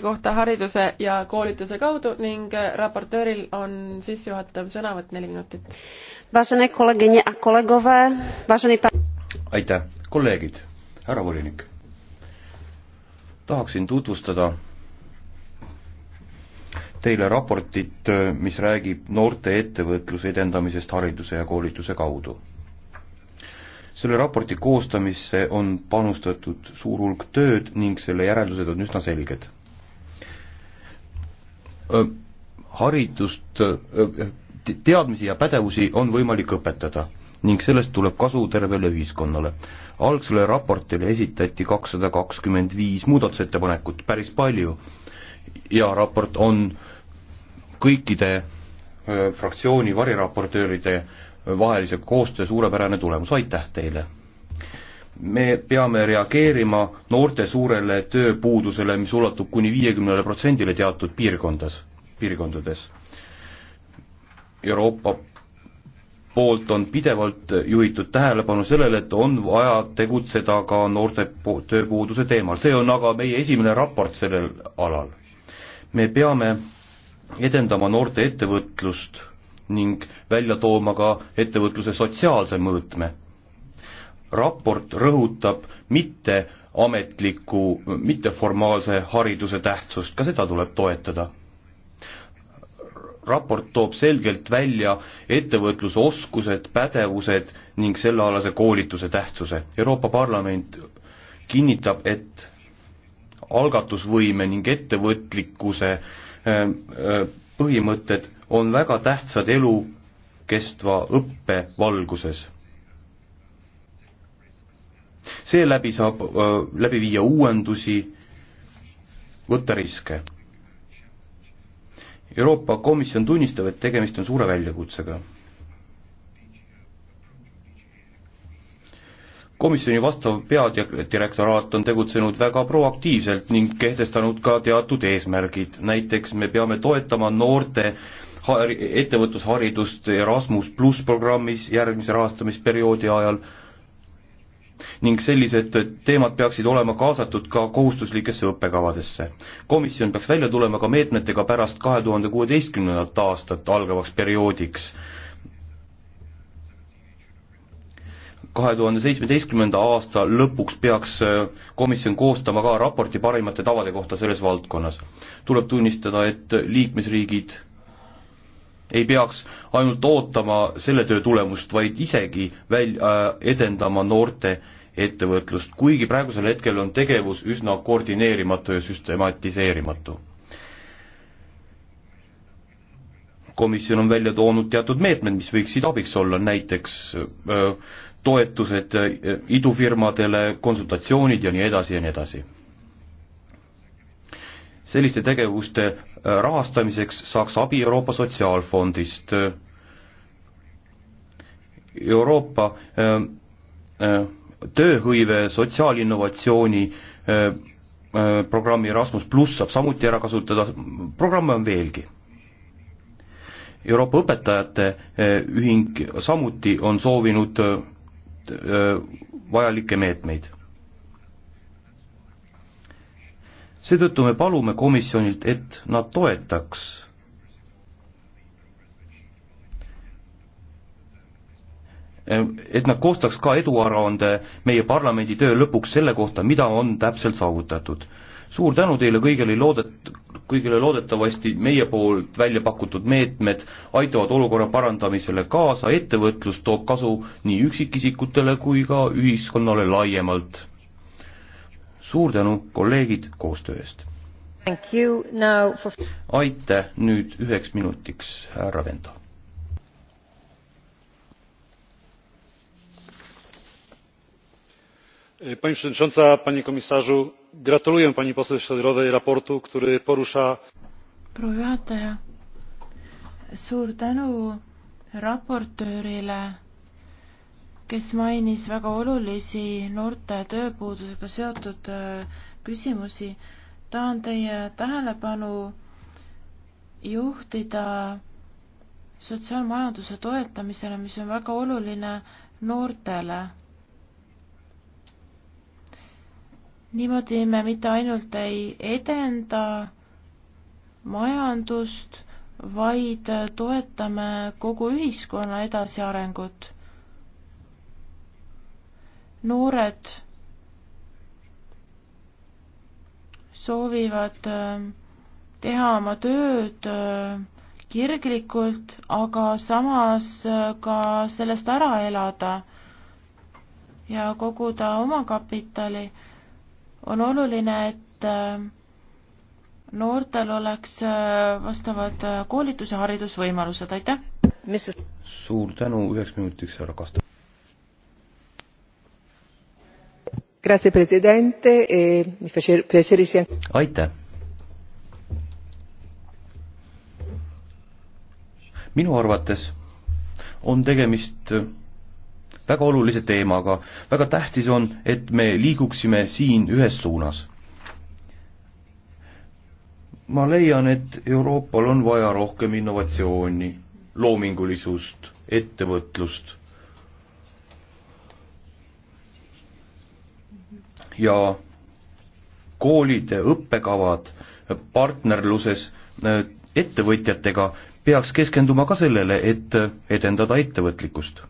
kohta hariduse ja koolituse kaudu ning raportööril on sissejuhatav sõnavõtt neli minutit. aitäh, kolleegid, härra volinik. tahaksin tutvustada teile raportit, mis räägib noorte ettevõtluse edendamisest hariduse ja koolituse kaudu. selle raporti koostamisse on panustatud suur hulk tööd ning selle järeldused on üsna selged haridust, teadmisi ja pädevusi on võimalik õpetada ning sellest tuleb kasu tervele ühiskonnale. algsele raportile esitati kakssada kakskümmend viis muudatusettepanekut, päris palju, ja raport on kõikide fraktsiooni variraportööride vahelise koostöö suurepärane tulemus, aitäh teile! me peame reageerima noorte suurele tööpuudusele, mis ulatub kuni viiekümnele protsendile teatud piirkondas, piirkondades. Euroopa poolt on pidevalt juhitud tähelepanu sellele, et on vaja tegutseda ka noorte tööpuuduse teemal, see on aga meie esimene raport sellel alal. me peame edendama noorte ettevõtlust ning välja tooma ka ettevõtluse sotsiaalse mõõtme raport rõhutab mitte ametliku, mitteformaalse hariduse tähtsust, ka seda tuleb toetada. raport toob selgelt välja ettevõtlusoskused, pädevused ning sellealase koolituse tähtsuse. Euroopa Parlament kinnitab, et algatusvõime ning ettevõtlikkuse ähm, äh, põhimõtted on väga tähtsad elukestva õppe valguses seeläbi saab läbi viia uuendusi, võtta riske. Euroopa Komisjon tunnistab, et tegemist on suure väljakutsega. komisjoni vastav peadirektoraat on tegutsenud väga proaktiivselt ning kehtestanud ka teatud eesmärgid, näiteks me peame toetama noorte ettevõtlusharidust Erasmus pluss programmis järgmise rahastamisperioodi ajal ning sellised teemad peaksid olema kaasatud ka kohustuslikesse õppekavadesse. komisjon peaks välja tulema ka meetmetega pärast kahe tuhande kuueteistkümnendat aastat algavaks perioodiks. kahe tuhande seitsmeteistkümnenda aasta lõpuks peaks äh, komisjon koostama ka raporti parimate tavade kohta selles valdkonnas. tuleb tunnistada, et liikmesriigid ei peaks ainult ootama selle töö tulemust, vaid isegi väl- äh,, edendama noorte ettevõtlust, kuigi praegusel hetkel on tegevus üsna koordineerimatu ja süstematiseerimatu. komisjon on välja toonud teatud meetmed, mis võiksid abiks olla, näiteks öö, toetused idufirmadele, konsultatsioonid ja nii edasi ja nii edasi. selliste tegevuste rahastamiseks saaks abi Euroopa Sotsiaalfondist. Euroopa öö, öö, tööhõive, sotsiaalinnovatsiooni äh, äh, programmi Erasmus pluss saab samuti ära kasutada, programme on veelgi. Euroopa Õpetajate äh, Ühing samuti on soovinud vajalikke meetmeid. seetõttu me palume komisjonilt, et nad toetaks et nad koostaks ka eduaruande meie parlamendi töö lõpuks selle kohta, mida on täpselt saavutatud. suur tänu teile kõigile loodet-, kõigile loodetavasti meie poolt välja pakutud meetmed aitavad olukorra parandamisele kaasa, ettevõtlus toob kasu nii üksikisikutele kui ka ühiskonnale laiemalt. suur tänu, kolleegid, koostöö eest! For... aitäh, nüüd üheks minutiks, härra Venda E, pani przewodnicząca! panie komisarzu! gratuluję pani poseł ojdrovej raportu który porusza. suur tänu raportöörile kes mainis väga olulisi noorte tööpuudusega seotud e, küsimusi. tahan teie tähelepanu juhtida sotsiaalmajanduse toetamisele mis on väga oluline noortele niimoodi me mitte ainult ei edenda majandust, vaid toetame kogu ühiskonna edasiarengut. noored soovivad äh, teha oma tööd äh, kirglikult, aga samas äh, ka sellest ära elada ja koguda omakapitali on oluline, et äh, noortel oleks äh, vastavad äh, koolitus- ja haridusvõimalused, aitäh! suur tänu, üheks minutiks härra Kasta. E aitäh! minu arvates on tegemist väga olulise teemaga, väga tähtis on, et me liiguksime siin ühes suunas. ma leian, et Euroopal on vaja rohkem innovatsiooni, loomingulisust, ettevõtlust ja koolide õppekavad partnerluses äh, ettevõtjatega peaks keskenduma ka sellele, et edendada ettevõtlikkust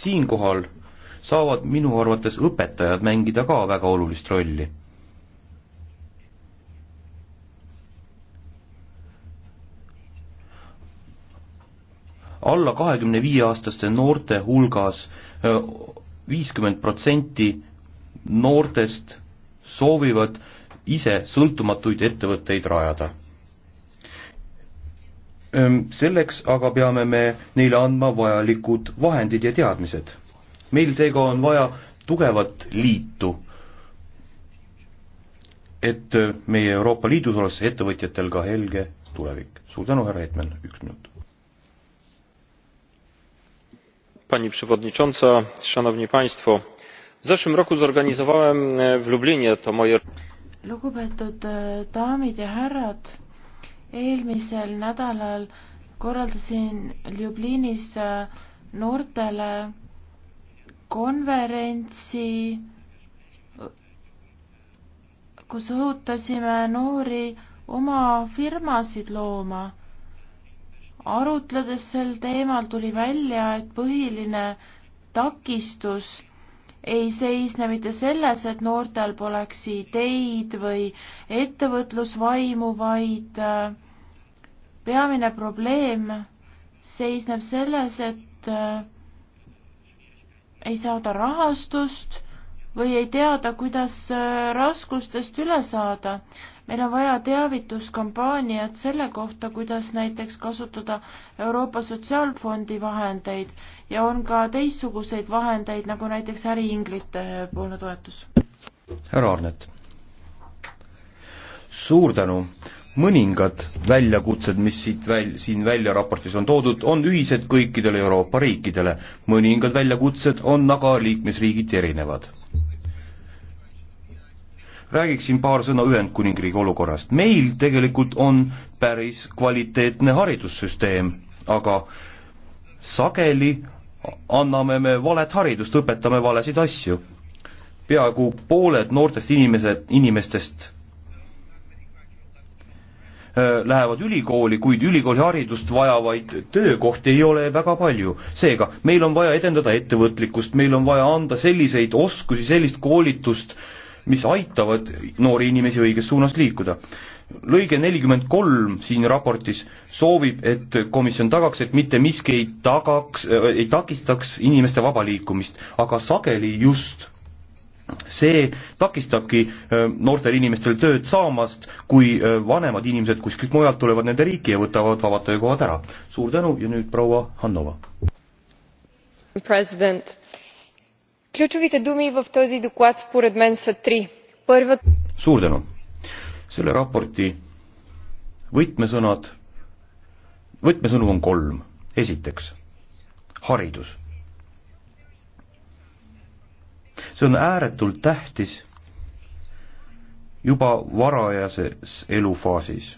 siinkohal saavad minu arvates õpetajad mängida ka väga olulist rolli. alla kahekümne viie aastaste noorte hulgas viiskümmend protsenti noortest soovivad ise sõltumatuid ettevõtteid rajada selleks aga peame me neile andma vajalikud vahendid ja teadmised. meil seega on vaja tugevat liitu, et meie Euroopa Liidus oleks ettevõtjatel ka helge tulevik. suur tänu, härra Hetman, üks minut. Pani przewodnicząca, szanowni państwo, w zeszłym roku zorganizowałem e, w Lublinie to moje lugupeetud e, daamid ja härrad eelmisel nädalal korraldasin Ljubljanis äh, noortele konverentsi, äh, kus õhutasime noori oma firmasid looma. arutledes sel teemal tuli välja, et põhiline takistus ei seisne mitte selles, et noortel poleks ideid või ettevõtlusvaimu, vaid äh, peamine probleem seisneb selles, et äh, ei saada rahastust või ei teada, kuidas äh, raskustest üle saada meil on vaja teavituskampaaniat selle kohta, kuidas näiteks kasutada Euroopa Sotsiaalfondi vahendeid ja on ka teistsuguseid vahendeid, nagu näiteks äriinglite poolne toetus. härra Arnet. suur tänu mõningad väljakutsed, mis siit väl-, siin välja raportis on toodud, on ühised kõikidele Euroopa riikidele, mõningad väljakutsed on aga liikmesriigiti erinevad räägiksin paar sõna Ühendkuningriigi olukorrast. meil tegelikult on päris kvaliteetne haridussüsteem, aga sageli anname me valet haridust, õpetame valesid asju. peaaegu pooled noortest inimesed, inimestest äh, lähevad ülikooli, kuid ülikooliharidust vajavaid töökohti ei ole väga palju. seega meil on vaja edendada ettevõtlikkust, meil on vaja anda selliseid oskusi, sellist koolitust, mis aitavad noori inimesi õiges suunas liikuda. lõige nelikümmend kolm siin raportis soovib, et komisjon tagaks, et mitte miski ei tagaks äh,, ei takistaks inimeste vaba liikumist, aga sageli just see takistabki äh, noortel inimestel tööd saamast, kui äh, vanemad inimesed kuskilt mujalt tulevad nende riiki ja võtavad vabad töökohad ära. suur tänu ja nüüd proua Hannova. president ключовите думи в този доклад според мен са три. Първат... Suur tänu. Selle raporti võtmesõnad, võtmesõnu on kolm. Esiteks, haridus. See on ääretult tähtis juba varajases elufaasis.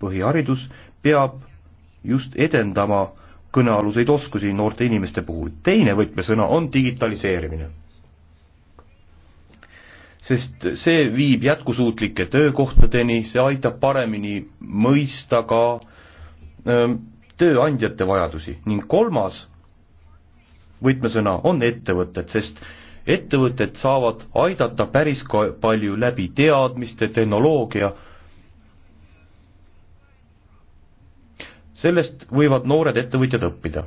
Põhiharidus peab just edendama kõnealuseid oskusi noorte inimeste puhul. teine võtmesõna on digitaliseerimine. sest see viib jätkusuutlike töökohtadeni, see aitab paremini mõista ka öö, ähm, tööandjate vajadusi ning kolmas võtmesõna on ettevõtted, sest ettevõtted saavad aidata päris palju läbi teadmiste, tehnoloogia sellest võivad noored ettevõtjad õppida.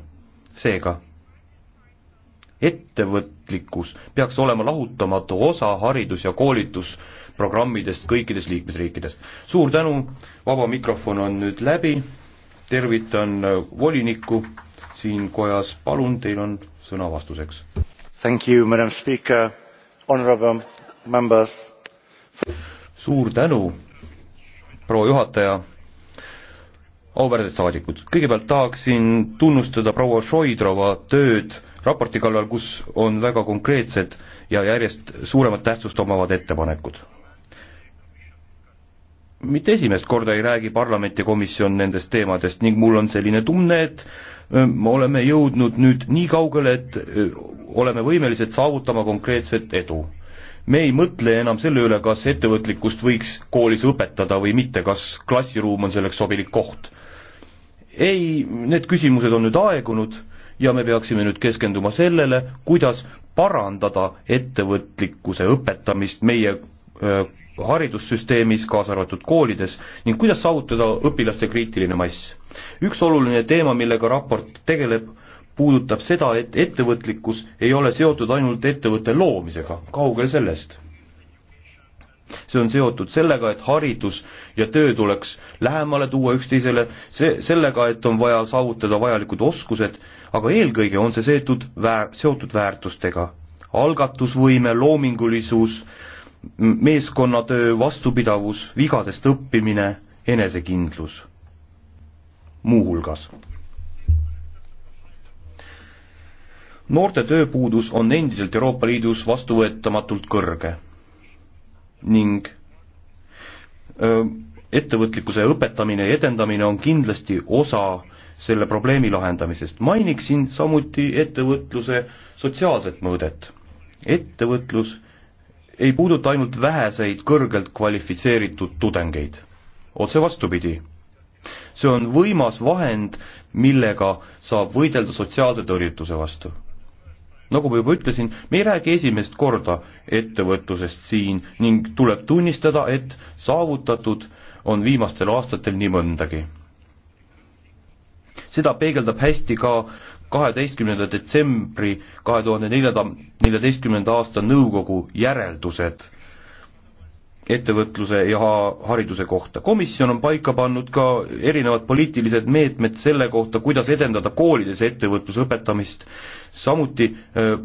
seega, ettevõtlikkus peaks olema lahutamatu osa haridus- ja koolitusprogrammidest kõikides liikmesriikides. suur tänu, vaba mikrofon on nüüd läbi, tervitan äh, volinikku siin kojas, palun, teil on sõna vastuseks. Thank you, madam speaker, honorable members. suur tänu, proua juhataja auväärsed saadikud, kõigepealt tahaksin tunnustada proua Šoidrova tööd raporti kallal, kus on väga konkreetsed ja järjest suuremat tähtsust omavad ettepanekud. mitte esimest korda ei räägi parlament ja komisjon nendest teemadest ning mul on selline tunne, et me oleme jõudnud nüüd nii kaugele, et oleme võimelised saavutama konkreetset edu me ei mõtle enam selle üle, kas ettevõtlikkust võiks koolis õpetada või mitte, kas klassiruum on selleks sobilik koht ei, need küsimused on nüüd aegunud ja me peaksime nüüd keskenduma sellele, kuidas parandada ettevõtlikkuse õpetamist meie öö, haridussüsteemis, kaasa arvatud koolides, ning kuidas saavutada õpilaste kriitiline mass. üks oluline teema, millega raport tegeleb, puudutab seda, et ettevõtlikkus ei ole seotud ainult ettevõtte loomisega, kaugel sellest see on seotud sellega, et haridus ja töö tuleks lähemale tuua üksteisele, see, sellega, et on vaja saavutada vajalikud oskused, aga eelkõige on see seotud väär-, seotud väärtustega. algatusvõime, loomingulisus, meeskonnatöö, vastupidavus, vigadest õppimine, enesekindlus muuhulgas. noorte tööpuudus on endiselt Euroopa Liidus vastuvõetamatult kõrge ning öö, ettevõtlikkuse õpetamine ja edendamine on kindlasti osa selle probleemi lahendamisest. mainiksin samuti ettevõtluse sotsiaalset mõõdet. ettevõtlus ei puuduta ainult väheseid kõrgelt kvalifitseeritud tudengeid. otse vastupidi. see on võimas vahend, millega saab võidelda sotsiaalse tõrjutuse vastu nagu ma juba ütlesin, me ei räägi esimest korda ettevõtlusest siin ning tuleb tunnistada, et saavutatud on viimastel aastatel nii mõndagi. seda peegeldab hästi ka kaheteistkümnenda detsembri kahe tuhande neljanda, neljateistkümnenda aasta nõukogu järeldused ettevõtluse ja hariduse kohta. komisjon on paika pannud ka erinevad poliitilised meetmed selle kohta, kuidas edendada koolides ettevõtluse õpetamist, samuti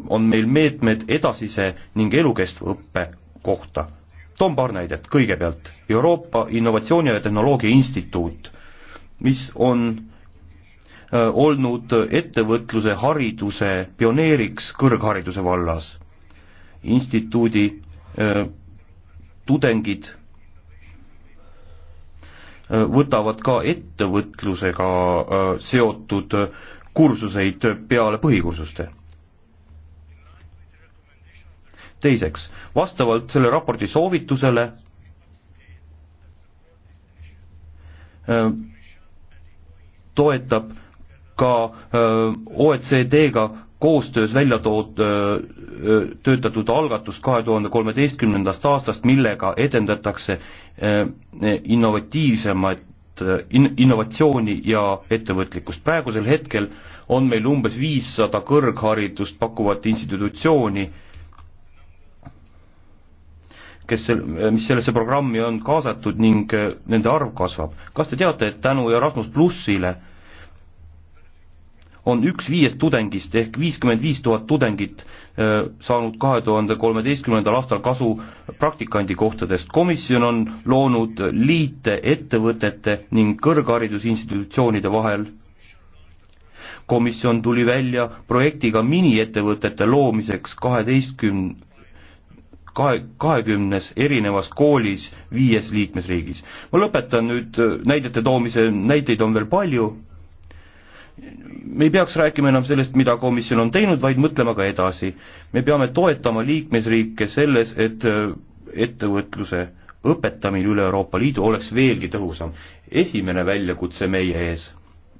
on meil meetmed edasise ning elukestva õppe kohta. toon paar näidet, kõigepealt Euroopa Innovatsiooni ja Tehnoloogia Instituut, mis on olnud ettevõtluse hariduse pioneeriks kõrghariduse vallas. instituudi tudengid äh, võtavad ka ettevõtlusega äh, seotud kursuseid peale põhikursuste. teiseks, vastavalt selle raporti soovitusele äh, toetab ka OECD-ga koostöös välja tood-, töötatud algatust kahe tuhande kolmeteistkümnendast aastast, millega edendatakse innovatiivsemat in-, innovatsiooni ja ettevõtlikkust. praegusel hetkel on meil umbes viissada kõrgharidust pakkuvat institutsiooni, kes sel-, mis sellesse programmi on kaasatud ning nende arv kasvab. kas te teate, et tänu Erasmus plussile äh, on üks viiest tudengist ehk viiskümmend viis tuhat tudengit äh, saanud kahe tuhande kolmeteistkümnendal aastal kasu praktikandi kohtadest. komisjon on loonud liite ettevõtete ning kõrgharidusinstitutsioonide vahel. komisjon tuli välja projektiga miniettevõtete loomiseks kaheteistkümne kahe, kahekümnes erinevas koolis viies liikmesriigis. ma lõpetan nüüd äh, näidete toomise, näiteid on veel palju me ei peaks rääkima enam sellest, mida komisjon on teinud, vaid mõtlema ka edasi. me peame toetama liikmesriike selles, et äh, ettevõtluse õpetamine üle Euroopa Liidu oleks veelgi tõhusam. esimene väljakutse meie ees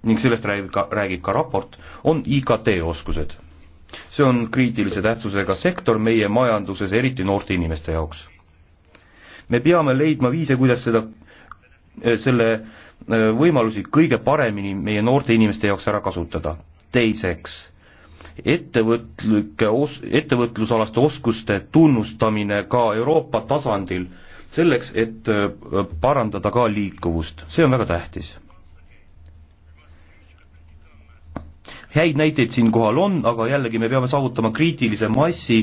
ning sellest räägib ka, räägib ka raport, on IKT oskused. see on kriitilise tähtsusega sektor meie majanduses, eriti noorte inimeste jaoks. me peame leidma viise, kuidas seda, äh, selle äh, Äh, võimalusi kõige paremini meie noorte inimeste jaoks ära kasutada. teiseks, ettevõtlike os-, ettevõtlusalaste oskuste tunnustamine ka Euroopa tasandil, selleks, et äh, parandada ka liikuvust, see on väga tähtis. häid näiteid siinkohal on, aga jällegi me peame saavutama kriitilise massi,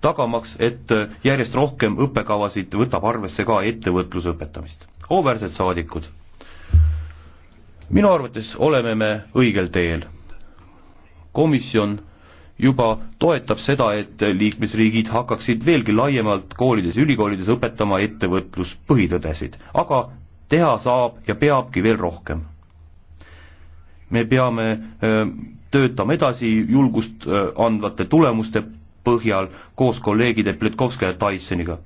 tagamaks, et äh, järjest rohkem õppekavasid võtab arvesse ka ettevõtluse õpetamist. auväärsed saadikud, minu arvates oleme me õigel teel. komisjon juba toetab seda, et liikmesriigid hakkaksid veelgi laiemalt koolides, ülikoolides õpetama ettevõtluspõhitõdesid, aga teha saab ja peabki veel rohkem. me peame öö, töötama edasi julgust öö, andvate tulemuste põhjal koos kolleegide Pletkovskaja Tysoniga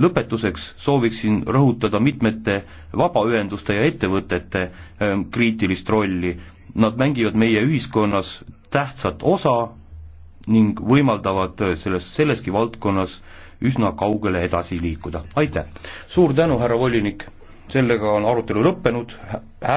lõpetuseks sooviksin rõhutada mitmete vabaühenduste ja ettevõtete ähm, kriitilist rolli. Nad mängivad meie ühiskonnas tähtsat osa ning võimaldavad äh, selles, selleski valdkonnas üsna kaugele edasi liikuda. aitäh! suur tänu, härra volinik, sellega on arutelu lõppenud, hääl-...